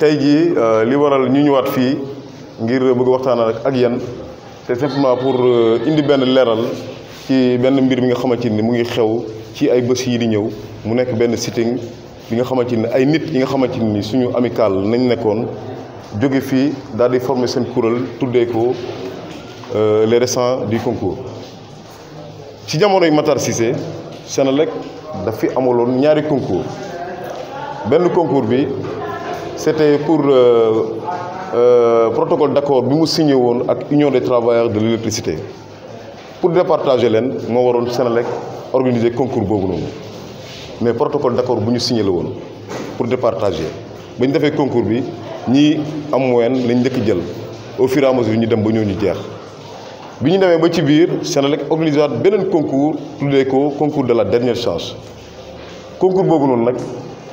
tey jii euh, li waral ñu ñëwaat fii ngir bëgg waxtaan ak yéen c'est simplement pour euh, indi benn leeral ci benn mbir mi nga xamante ni mu ngi xew ci ay bés yi di ñëw mu nekk benn sitting bi nga xamante ni ay nit yi nga xamante ni suñu amical nañu nekkoon jóge fii daal di former seen kuréel tuddee ko euh, les récents di concours ci jamonoy Matar Cissé Senelec daf fi amaloon ñaari concours benn concours bi c'était pour le euh, euh, protocole d'accord nous avons signé avec l'Union des travailleurs de l'électricité pour départager partager, nous avons organisé organiser concours Mais le mais protocole d'accord nous avons signé pour départager avons fait un concours nous avons am moyen de au fur et à mesure ñu dem ba ñoo ñu Nous avons ñu ba organisé un concours le concours de la dernière chance concours boobu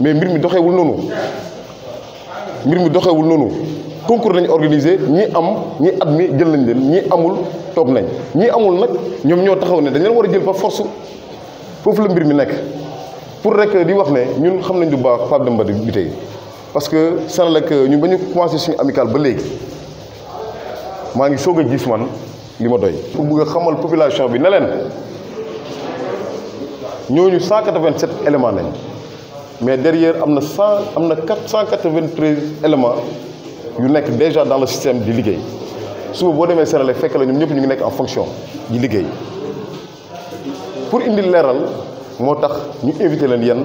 mais mbir mi doxewul mbir mi doxewul concours lañ organisé ñi am ñi admis jël lañ leen ñi amul top nañ ñi amul ne dañ leen jël force fofu la mbir mi pour rek di wax ne ñun xam nañ du baax parce que Senelec ñun ba commencé suñu amical ba légui ngi man population bi ne 187 éléments mais derrière, il y a 493 éléments qui sont déjà dans le système de l'IGEI. Si vous voulez, c'est le fait que nous sommes en fonction de l'IGEI. Pour une des nous avons invité les Indiens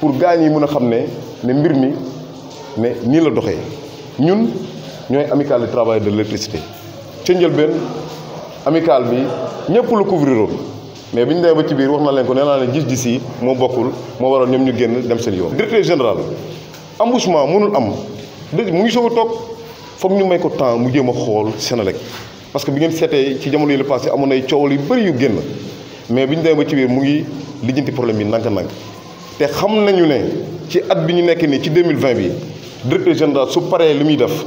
pour gagner les gens qui ont ne MIRMI train de se Nous, nous sommes amicales du travail de l'électricité. Nous sommes amicales, nous pour le couvrir. mais bi ñu demee ba ci biir wax na leen ko nee naa leen gis-gis yi moo bokkul moo waral ñoom ñu génn dem seen yoon. directeur général embauchement mënul am dëgg mu ngi soog a toog foog ñu may ko temps mu jéem a xool Senelec parce que bi ngeen seetee ci jamono yi la passé amoon ay coow lu bëri yu génn mais bi ñu demee ba ci biir mu ngi lijjanti problème bi nank-nank te xam nañu ne ci at bi ñu nekk nii ci mille 2020 bi directeur général su paree li muy def.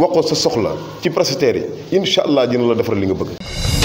wax ko sa soxla ci prestataires yi incha allah dina la defara li nga bëgg.